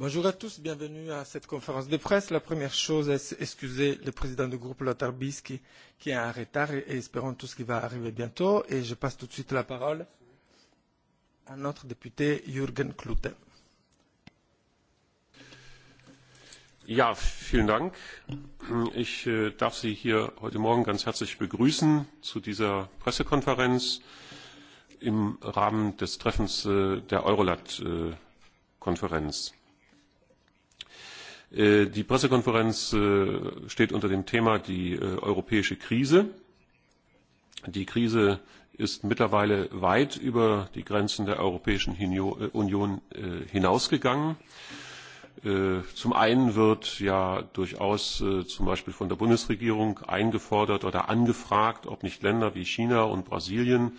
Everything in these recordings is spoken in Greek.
Bonjour à tous, bienvenue à cette conférence de presse. La première chose est excuser le président du groupe Lotharbis qui, qui est en retard et, espérons tout ce qui va arriver bientôt. Et je passe tout de suite la parole à notre député Jürgen Klute. Ja, vielen Dank. Ich darf Sie hier heute Morgen ganz herzlich begrüßen zu dieser Pressekonferenz im Rahmen des Treffens der Eurolat-Konferenz. Die Pressekonferenz steht unter dem Thema die europäische Krise. Die Krise ist mittlerweile weit über die Grenzen der Europäischen Union hinausgegangen. Zum einen wird ja durchaus zum Beispiel von der Bundesregierung eingefordert oder angefragt, ob nicht Länder wie China und Brasilien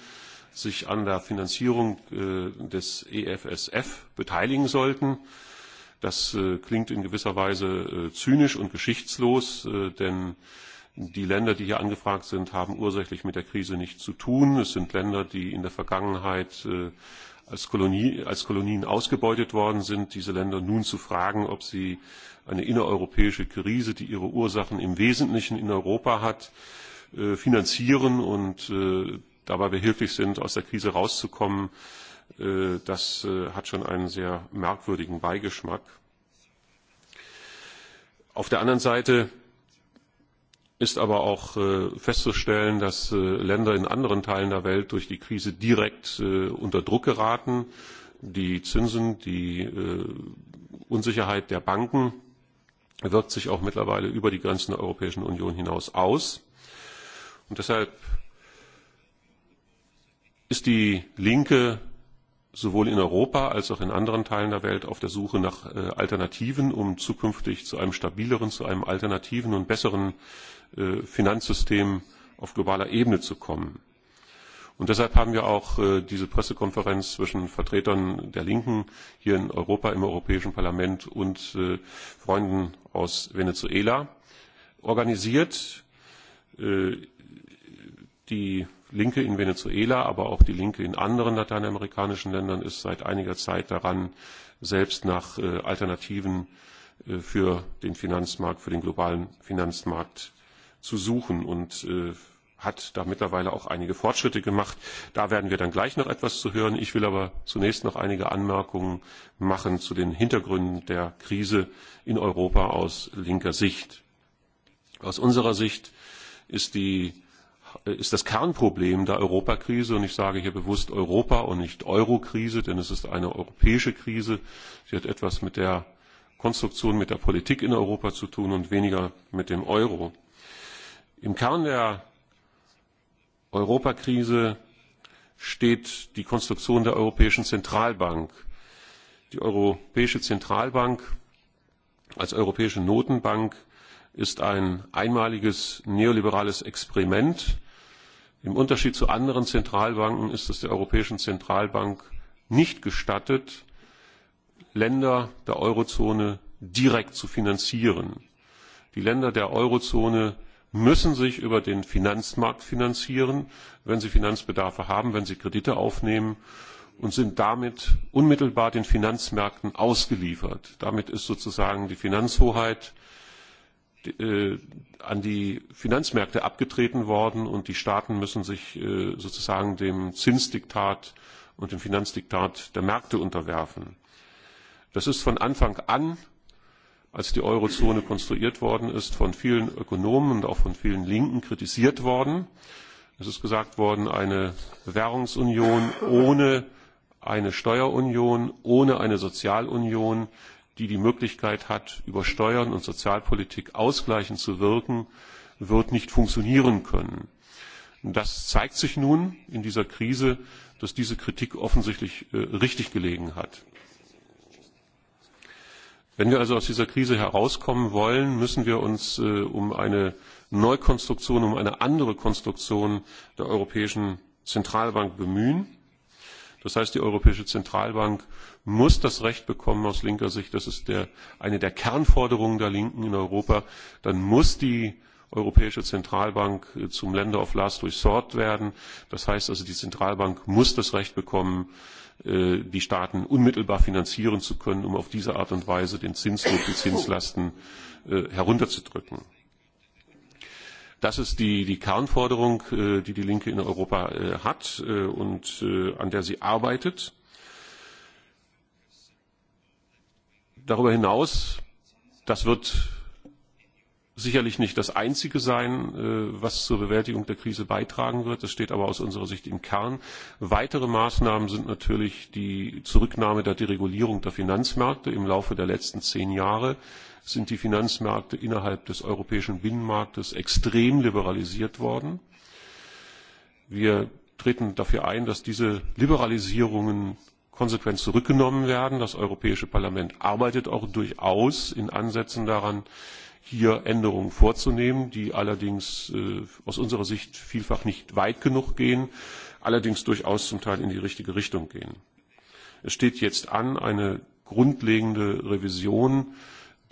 sich an der Finanzierung des EFSF beteiligen sollten. Das klingt in gewisser Weise zynisch und geschichtslos, denn die Länder, die hier angefragt sind, haben ursächlich mit der Krise nichts zu tun. Es sind Länder, die in der Vergangenheit als Kolonien ausgebeutet worden sind, diese Länder nun zu fragen, ob sie eine innereuropäische Krise, die ihre Ursachen im Wesentlichen in Europa hat, finanzieren und dabei behilflich sind, aus der Krise rauszukommen das hat schon einen sehr merkwürdigen Beigeschmack. Auf der anderen Seite ist aber auch festzustellen, dass Länder in anderen Teilen der Welt durch die Krise direkt unter Druck geraten. Die Zinsen, die Unsicherheit der Banken wirkt sich auch mittlerweile über die Grenzen der Europäischen Union hinaus aus. Und deshalb ist die Linke sowohl in Europa als auch in anderen Teilen der Welt auf der Suche nach Alternativen, um zukünftig zu einem stabileren, zu einem alternativen und besseren Finanzsystem auf globaler Ebene zu kommen. Und deshalb haben wir auch diese Pressekonferenz zwischen Vertretern der Linken hier in Europa im Europäischen Parlament und Freunden aus Venezuela organisiert. Die Linke in Venezuela, aber auch die Linke in anderen lateinamerikanischen Ländern ist seit einiger Zeit daran, selbst nach Alternativen für den Finanzmarkt, für den globalen Finanzmarkt zu suchen und hat da mittlerweile auch einige Fortschritte gemacht. Da werden wir dann gleich noch etwas zu hören. Ich will aber zunächst noch einige Anmerkungen machen zu den Hintergründen der Krise in Europa aus linker Sicht. Aus unserer Sicht ist die ist das Kernproblem der Europakrise, und ich sage hier bewusst Europa und nicht Eurokrise, denn es ist eine europäische Krise. Sie hat etwas mit der Konstruktion, mit der Politik in Europa zu tun und weniger mit dem Euro. Im Kern der Europakrise steht die Konstruktion der Europäischen Zentralbank. Die Europäische Zentralbank als Europäische Notenbank ist ein einmaliges neoliberales Experiment, Im Unterschied zu anderen Zentralbanken ist es der Europäischen Zentralbank nicht gestattet, Länder der Eurozone direkt zu finanzieren. Die Länder der Eurozone müssen sich über den Finanzmarkt finanzieren, wenn sie Finanzbedarfe haben, wenn sie Kredite aufnehmen und sind damit unmittelbar den Finanzmärkten ausgeliefert. Damit ist sozusagen die Finanzhoheit an die Finanzmärkte abgetreten worden und die Staaten müssen sich sozusagen dem Zinsdiktat und dem Finanzdiktat der Märkte unterwerfen. Das ist von Anfang an, als die Eurozone konstruiert worden ist, von vielen Ökonomen und auch von vielen Linken kritisiert worden. Es ist gesagt worden, eine Währungsunion ohne eine Steuerunion, ohne eine Sozialunion die die Möglichkeit hat, über Steuern und Sozialpolitik ausgleichend zu wirken, wird nicht funktionieren können. Das zeigt sich nun in dieser Krise, dass diese Kritik offensichtlich richtig gelegen hat. Wenn wir also aus dieser Krise herauskommen wollen, müssen wir uns um eine Neukonstruktion, um eine andere Konstruktion der Europäischen Zentralbank bemühen. Das heißt, die Europäische Zentralbank muss das Recht bekommen aus linker Sicht, das ist eine der Kernforderungen der Linken in Europa, dann muss die Europäische Zentralbank zum Länder of Last Resort werden. Das heißt also, die Zentralbank muss das Recht bekommen, die Staaten unmittelbar finanzieren zu können, um auf diese Art und Weise den Zinsdruck, die Zinslasten herunterzudrücken. Das ist die die Kernforderung, die die Linke in Europa hat und an der sie arbeitet. Darüber hinaus, das wird sicherlich nicht das Einzige sein, was zur Bewältigung der Krise beitragen wird. Das steht aber aus unserer Sicht im Kern. Weitere Maßnahmen sind natürlich die Zurücknahme der Deregulierung der Finanzmärkte im Laufe der letzten zehn Jahre sind die Finanzmärkte innerhalb des europäischen Binnenmarktes extrem liberalisiert worden. Wir treten dafür ein, dass diese Liberalisierungen konsequent zurückgenommen werden. Das Europäische Parlament arbeitet auch durchaus in Ansätzen daran, hier Änderungen vorzunehmen, die allerdings aus unserer Sicht vielfach nicht weit genug gehen, allerdings durchaus zum Teil in die richtige Richtung gehen. Es steht jetzt an, eine grundlegende Revision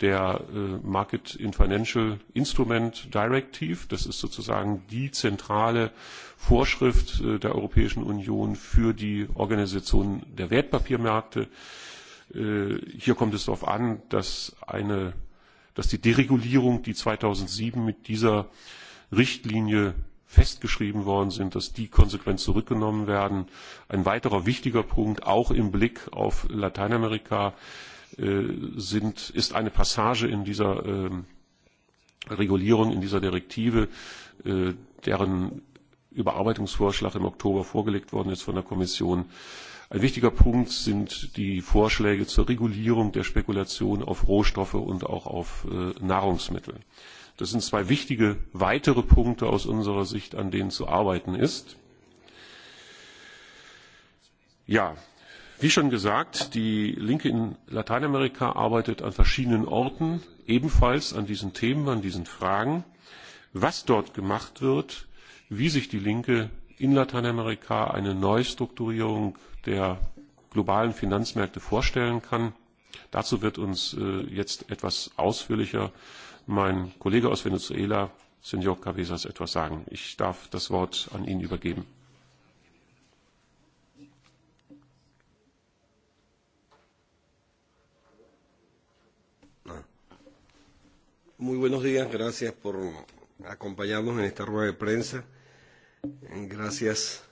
der Market in Financial Instrument Directive. Das ist sozusagen die zentrale Vorschrift der Europäischen Union für die Organisation der Wertpapiermärkte. Hier kommt es darauf an, dass eine dass die Deregulierung, die 2007 mit dieser Richtlinie festgeschrieben worden sind, dass die konsequent zurückgenommen werden. Ein weiterer wichtiger Punkt, auch im Blick auf Lateinamerika, ist eine Passage in dieser Regulierung, in dieser Direktive, deren Überarbeitungsvorschlag im Oktober vorgelegt worden ist von der Kommission, Ein wichtiger Punkt sind die Vorschläge zur Regulierung der Spekulation auf Rohstoffe und auch auf Nahrungsmittel. Das sind zwei wichtige weitere Punkte aus unserer Sicht, an denen zu arbeiten ist. Ja, wie schon gesagt, die Linke in Lateinamerika arbeitet an verschiedenen Orten ebenfalls an diesen Themen, an diesen Fragen. Was dort gemacht wird, wie sich die Linke in Lateinamerika eine Neustrukturierung der globalen Finanzmärkte vorstellen kann. Dazu wird uns jetzt etwas ausführlicher mein Kollege aus Venezuela, Senor Cabezas, etwas sagen. Ich darf das Wort an ihn übergeben. Muy buenos días, gracias por acompañarnos en esta rueda de prensa. Gracias,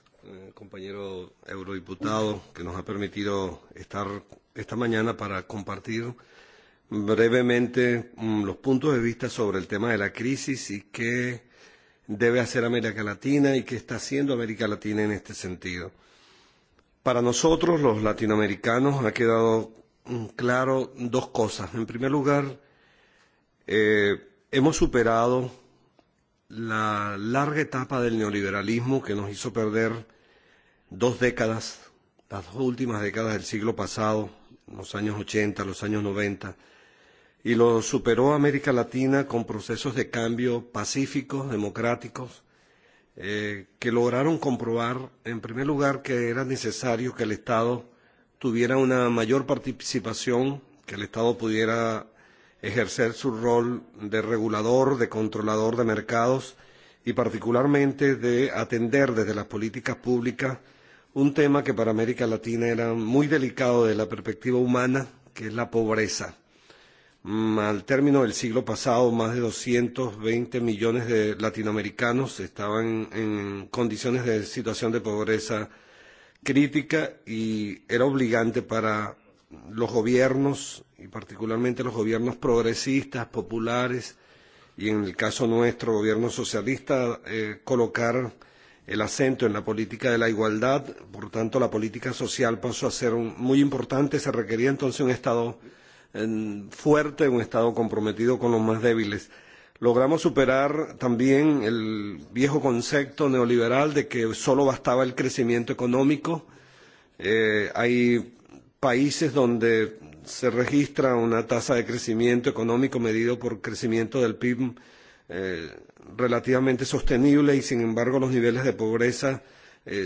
compañero eurodiputado, que nos ha permitido estar esta mañana para compartir brevemente los puntos de vista sobre el tema de la crisis y qué debe hacer América Latina y qué está haciendo América Latina en este sentido. Para nosotros, los latinoamericanos, ha quedado claro dos cosas. En primer lugar, hemos superado la larga etapa del neoliberalismo que nos hizo perder dos décadas, las dos últimas décadas del siglo pasado, los años 80, los años 90, y lo superó América Latina con procesos de cambio pacíficos, democráticos, que lograron comprobar, en primer lugar, que era necesario que el Estado tuviera una mayor participación, que el Estado pudiera ejercer su rol de regulador, de controlador de mercados y particularmente de atender desde las políticas públicas un tema que para América Latina era muy delicado desde la perspectiva humana, que es la pobreza. Al término del siglo pasado, más de 220 millones de latinoamericanos estaban en condiciones de situación de pobreza crítica y era obligante para los gobiernos, y particularmente los gobiernos progresistas, populares, y en el caso nuestro, gobierno socialista, colocar el acento en la política de la igualdad. Por tanto, la política social pasó a ser muy importante. Se requería entonces un Estado fuerte, un Estado comprometido con los más débiles. Logramos superar también el viejo concepto neoliberal de que solo bastaba el crecimiento económico. Hay países donde se registra una tasa de crecimiento económico medido por crecimiento del PIB relativamente sostenible y, sin embargo, los niveles de pobreza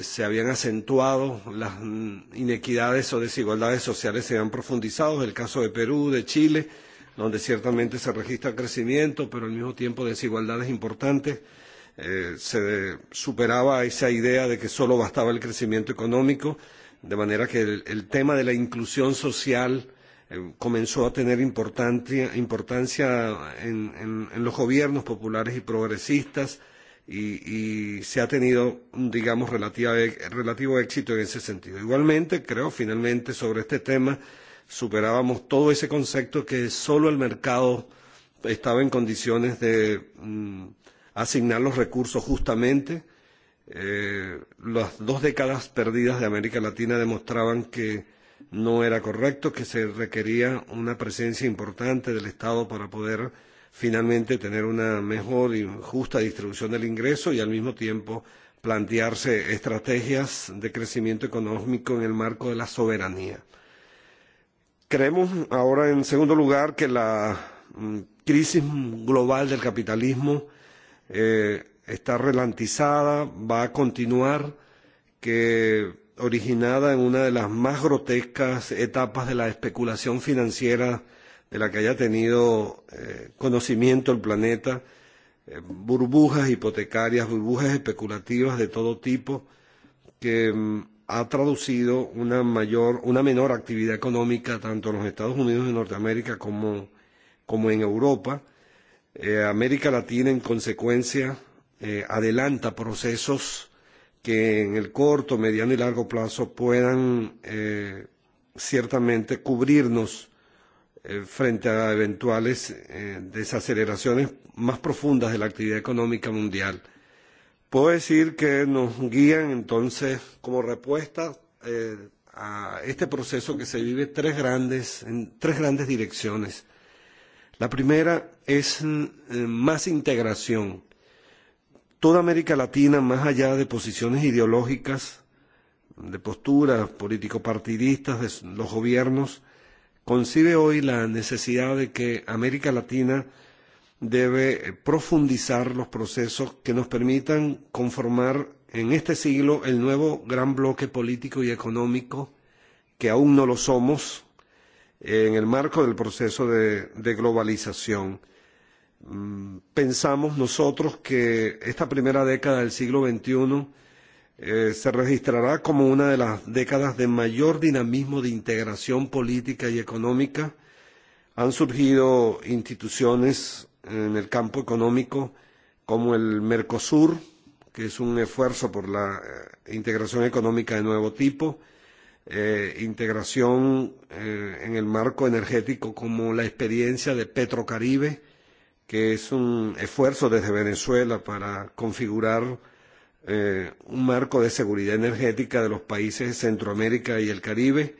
se habían acentuado, las inequidades o desigualdades sociales se habían profundizado, el caso de Perú, de Chile, donde ciertamente se registra crecimiento, pero al mismo tiempo desigualdades importantes. Se superaba esa idea de que solo bastaba el crecimiento económico de manera que el tema de la inclusión social comenzó a tener importancia en en los gobiernos populares y progresistas y se ha tenido, digamos, relativo éxito en ese sentido. Igualmente, creo, finalmente, sobre este tema, superábamos todo ese concepto que solo el mercado estaba en condiciones de asignar los recursos justamente las dos décadas perdidas de América Latina demostraban que no era correcto, que se requería una presencia importante del Estado para poder finalmente tener una mejor y justa distribución del ingreso y al mismo tiempo plantearse estrategias de crecimiento económico en el marco de la soberanía. Creemos ahora, en segundo lugar, que la crisis global del capitalismo está relantizada, va a continuar, que originada en una de las más grotescas etapas de la especulación financiera de la que haya tenido conocimiento el planeta, burbujas hipotecarias, burbujas especulativas de todo tipo, que ha traducido una mayor, una menor actividad económica tanto en los Estados Unidos de Norteamérica como en Europa. América Latina, en consecuencia, adelanta procesos que en el corto, mediano y largo plazo puedan ciertamente cubrirnos frente a eventuales desaceleraciones más profundas de la actividad económica mundial. Puedo decir que nos guían entonces como respuesta a este proceso que se vive en tres grandes direcciones. La primera es más integración toda América Latina, más allá de posiciones ideológicas, de posturas político-partidistas de los gobiernos, concibe hoy la necesidad de que América Latina debe profundizar los procesos que nos permitan conformar en este siglo el nuevo gran bloque político y económico que aún no lo somos en el marco del proceso de globalización pensamos nosotros que esta primera década del siglo XXI se registrará como una de las décadas de mayor dinamismo de integración política y económica. Han surgido instituciones en el campo económico como el Mercosur, que es un esfuerzo por la integración económica de nuevo tipo, integración en el marco energético como la experiencia de Petrocaribe, que es un esfuerzo desde Venezuela para configurar un marco de seguridad energética de los países de Centroamérica y el Caribe.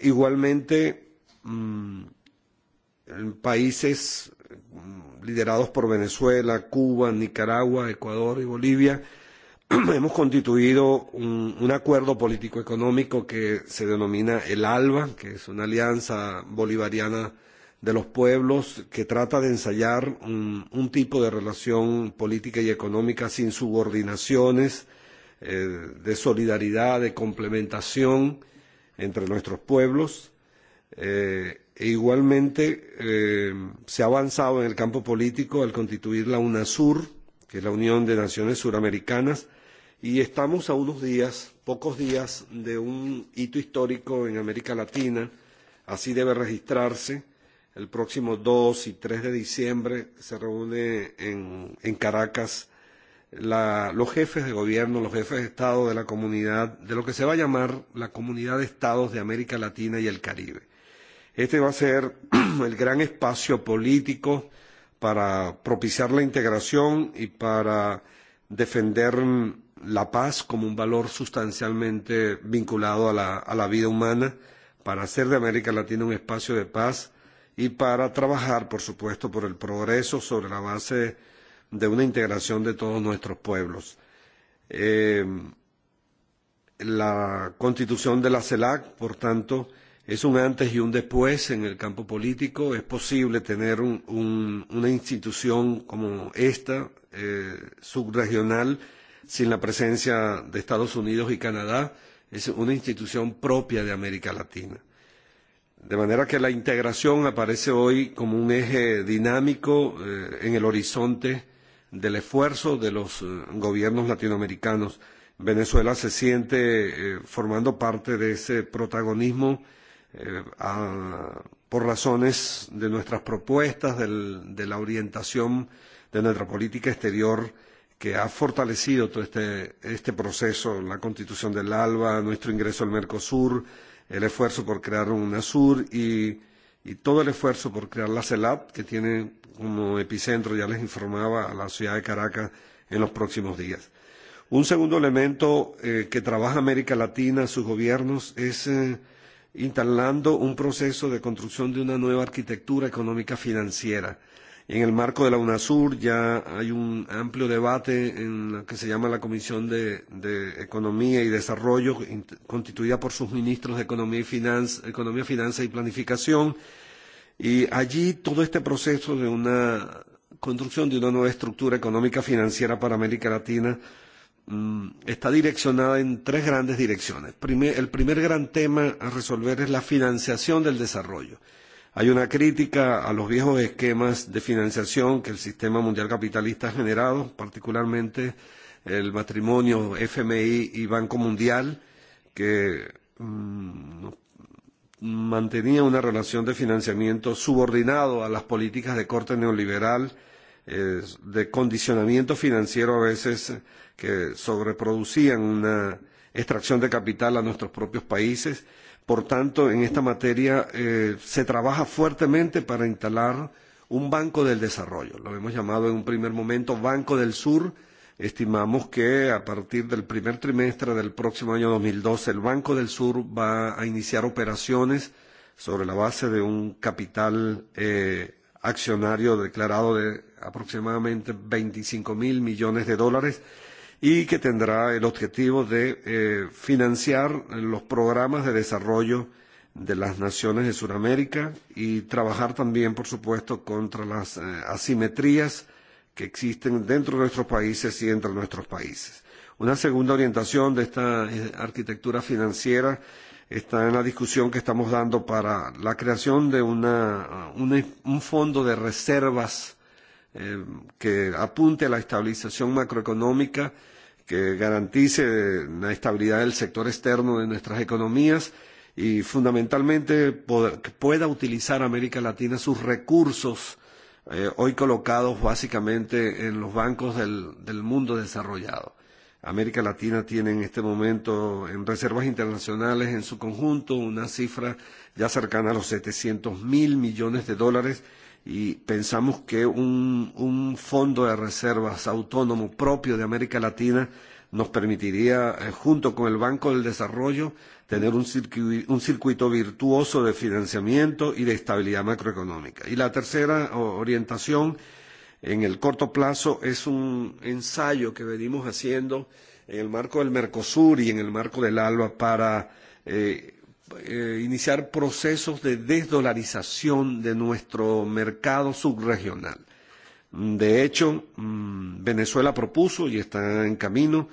Igualmente, en países liderados por Venezuela, Cuba, Nicaragua, Ecuador y Bolivia, hemos constituido un acuerdo político-económico que se denomina el ALBA, que es una alianza bolivariana de los pueblos que trata de ensayar un tipo de relación política y económica sin subordinaciones, de solidaridad, de complementación entre nuestros pueblos. E igualmente se ha avanzado en el campo político al constituir la UNASUR, que es la Unión de Naciones Suramericanas, y estamos a unos días, pocos días, de un hito histórico en América Latina. Así debe registrarse El próximo 2 y 3 de diciembre se reúne en en Caracas los jefes de gobierno, los jefes de Estado de la comunidad, de lo que se va a llamar la Comunidad de Estados de América Latina y el Caribe. Este va a ser el gran espacio político para propiciar la integración y para defender la paz como un valor sustancialmente vinculado a la a la vida humana, para hacer de América Latina un espacio de paz y para trabajar, por supuesto, por el progreso sobre la base de una integración de todos nuestros pueblos. La constitución de la CELAC, por tanto, es un antes y un después en el campo político. Es posible tener una institución como esta, subregional, sin la presencia de Estados Unidos y Canadá. Es una institución propia de América Latina. De manera que la integración aparece hoy como un eje dinámico en el horizonte del esfuerzo de los gobiernos latinoamericanos. Venezuela se siente formando parte de ese protagonismo por razones de nuestras propuestas, de la orientación de nuestra política exterior que ha fortalecido todo este proceso, la constitución del ALBA, nuestro ingreso al Mercosur el esfuerzo por crear un ASUR y todo el esfuerzo por crear la CELAP, que tiene como epicentro, ya les informaba, a la ciudad de Caracas en los próximos días. Un segundo elemento que trabaja América Latina, sus gobiernos, es instalando un proceso de construcción de una nueva arquitectura económica financiera En el marco de la UNASUR ya hay un amplio debate en lo que se llama la Comisión de Economía y Desarrollo, constituida por sus ministros de Economía, Finanza y Planificación. Y allí todo este proceso de una construcción de una nueva estructura económica financiera para América Latina está direccionada en tres grandes direcciones. El primer gran tema a resolver es la financiación del desarrollo Hay una crítica a los viejos esquemas de financiación que el sistema mundial capitalista ha generado, particularmente el matrimonio FMI y Banco Mundial, que mantenía una relación de financiamiento subordinado a las políticas de corte neoliberal, de condicionamiento financiero a veces que sobreproducían una extracción de capital a nuestros propios países Por tanto, en esta materia se trabaja fuertemente para instalar un Banco del Desarrollo. Lo hemos llamado en un primer momento Banco del Sur. Estimamos que a partir del primer trimestre del próximo año 2012 el Banco del Sur va a iniciar operaciones sobre la base de un capital accionario declarado de aproximadamente 25.000 millones de dólares y que tendrá el objetivo de financiar los programas de desarrollo de las naciones de Sudamérica y trabajar también, por supuesto, contra las asimetrías que existen dentro de nuestros países y entre nuestros países. Una segunda orientación de esta arquitectura financiera está en la discusión que estamos dando para la creación de un fondo de reservas que apunte a la estabilización macroeconómica, que garantice la estabilidad del sector externo de nuestras economías y, fundamentalmente, que pueda utilizar América Latina sus recursos hoy colocados básicamente en los bancos del mundo desarrollado. América Latina tiene en este momento en reservas internacionales en su conjunto una cifra ya cercana a los 700 mil millones de dólares y pensamos que un, un fondo de reservas autónomo propio de América Latina nos permitiría, junto con el Banco del Desarrollo, tener un circuito virtuoso de financiamiento y de estabilidad macroeconómica. Y la tercera orientación, en el corto plazo, es un ensayo que venimos haciendo en el marco del Mercosur y en el marco del ALBA para iniciar procesos de desdolarización de nuestro mercado subregional. De hecho, Venezuela propuso y está en camino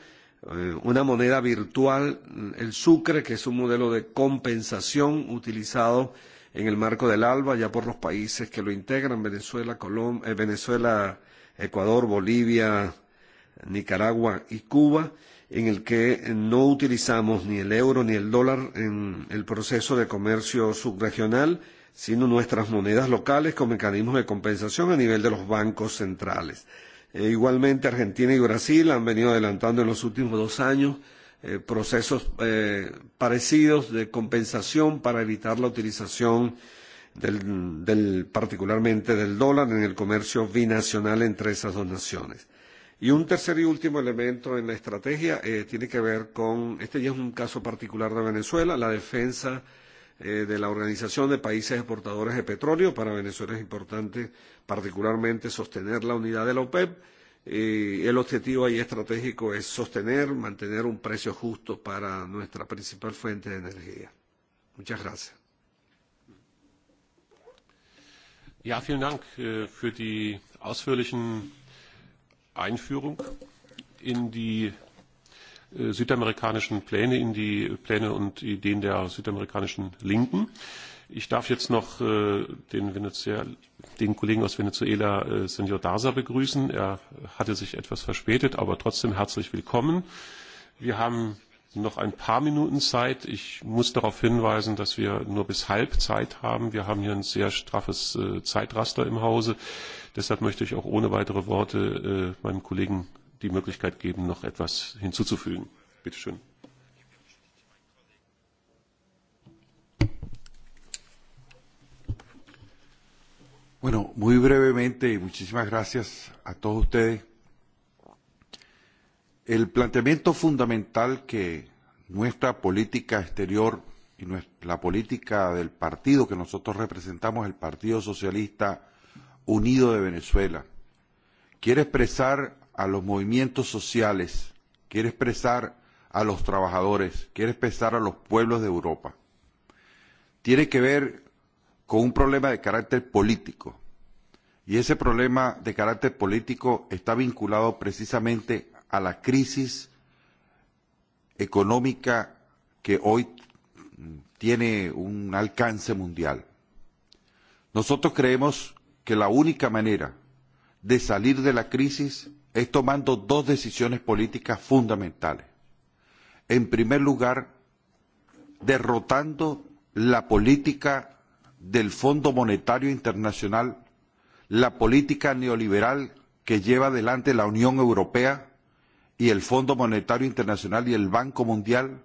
una moneda virtual, el Sucre, que es un modelo de compensación utilizado en el marco del ALBA ya por los países que lo integran, Venezuela, Venezuela, Ecuador, Bolivia, Nicaragua y Cuba en el que no utilizamos ni el euro ni el dólar en el proceso de comercio subregional, sino nuestras monedas locales con mecanismos de compensación a nivel de los bancos centrales. Igualmente, Argentina y Brasil han venido adelantando en los últimos dos años procesos parecidos de compensación para evitar la utilización particularmente del dólar en el comercio binacional entre esas dos naciones. Y un tercer y último elemento en la estrategia tiene que ver con, este ya es un caso particular de Venezuela, la defensa de la Organización de Países Exportadores de Petróleo. Para Venezuela es importante particularmente sostener la unidad de la OPEP. El objetivo ahí estratégico es sostener, mantener un precio justo para nuestra principal fuente de energía. Muchas gracias. Ja, vielen Dank für die ausführlichen Einführung in die südamerikanischen Pläne, in die Pläne und Ideen der südamerikanischen Linken. Ich darf jetzt noch den Kollegen aus Venezuela, Senor Daza, begrüßen. Er hatte sich etwas verspätet, aber trotzdem herzlich willkommen. Wir haben noch ein paar Minuten Zeit. Ich muss darauf hinweisen, dass wir nur bis halb Zeit haben. Wir haben hier ein sehr straffes Zeitraster im Hause. Deshalb möchte ich auch ohne weitere Worte meinem Kollegen die Möglichkeit geben, noch etwas hinzuzufügen. Bitte schön. El planteamiento fundamental que nuestra política exterior y la política del partido que nosotros representamos, el Partido Socialista Unido de Venezuela, quiere expresar a los movimientos sociales, quiere expresar a los trabajadores, quiere expresar a los pueblos de Europa. Tiene que ver con un problema de carácter político. Y ese problema de carácter político está vinculado precisamente a la crisis económica que hoy tiene un alcance mundial. Nosotros creemos que la única manera de salir de la crisis es tomando dos decisiones políticas fundamentales. En primer lugar, derrotando la política del Fondo Monetario Internacional, la política neoliberal que lleva adelante la Unión Europea y el Fondo Monetario Internacional y el Banco Mundial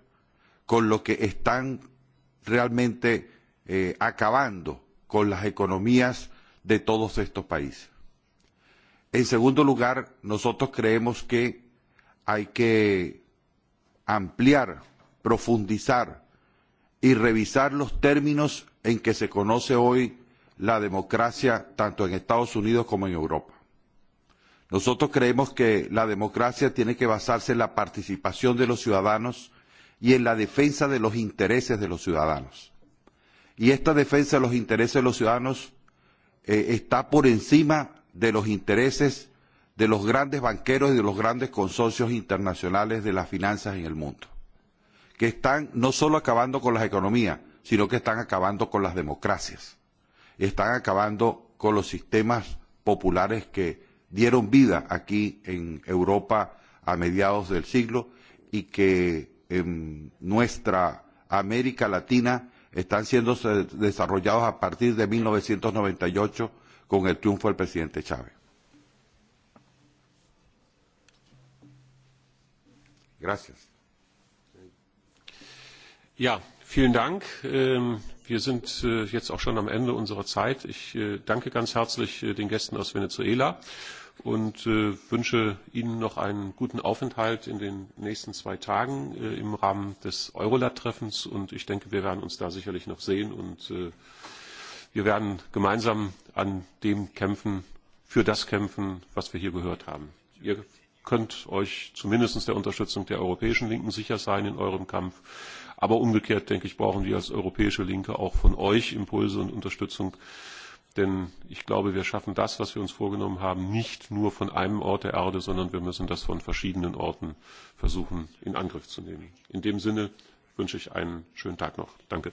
con lo que están realmente acabando con las economías de todos estos países. En segundo lugar, nosotros creemos que hay que ampliar, profundizar y revisar los términos en que se conoce hoy la democracia tanto en Estados Unidos como en Europa. Nosotros creemos que la democracia tiene que basarse en la participación de los ciudadanos y en la defensa de los intereses de los ciudadanos. Y esta defensa de los intereses de los ciudadanos está por encima de los intereses de los grandes banqueros y de los grandes consorcios internacionales de las finanzas en el mundo, que están no solo acabando con las economías, sino que están acabando con las democracias, están acabando con los sistemas populares que dieron vida aquí en Europa a mediados del siglo y que en nuestra América Latina están siendo desarrollados a partir de 1998 con el triunfo del presidente Chávez. Gracias. Ja, vielen Dank. Wir sind jetzt auch schon am Ende unserer Zeit. Ich danke ganz herzlich den Gästen aus Venezuela und wünsche Ihnen noch einen guten Aufenthalt in den nächsten zwei Tagen im Rahmen des Eurolat-Treffens. Und ich denke, wir werden uns da sicherlich noch sehen. Und wir werden gemeinsam an dem kämpfen, für das kämpfen, was wir hier gehört haben. Ihr könnt euch zumindest der Unterstützung der europäischen Linken sicher sein in eurem Kampf. Aber umgekehrt, denke ich, brauchen wir als europäische Linke auch von euch Impulse und Unterstützung Denn ich glaube, wir schaffen das, was wir uns vorgenommen haben, nicht nur von einem Ort der Erde, sondern wir müssen das von verschiedenen Orten versuchen, in Angriff zu nehmen. In dem Sinne wünsche ich einen schönen Tag noch. Danke.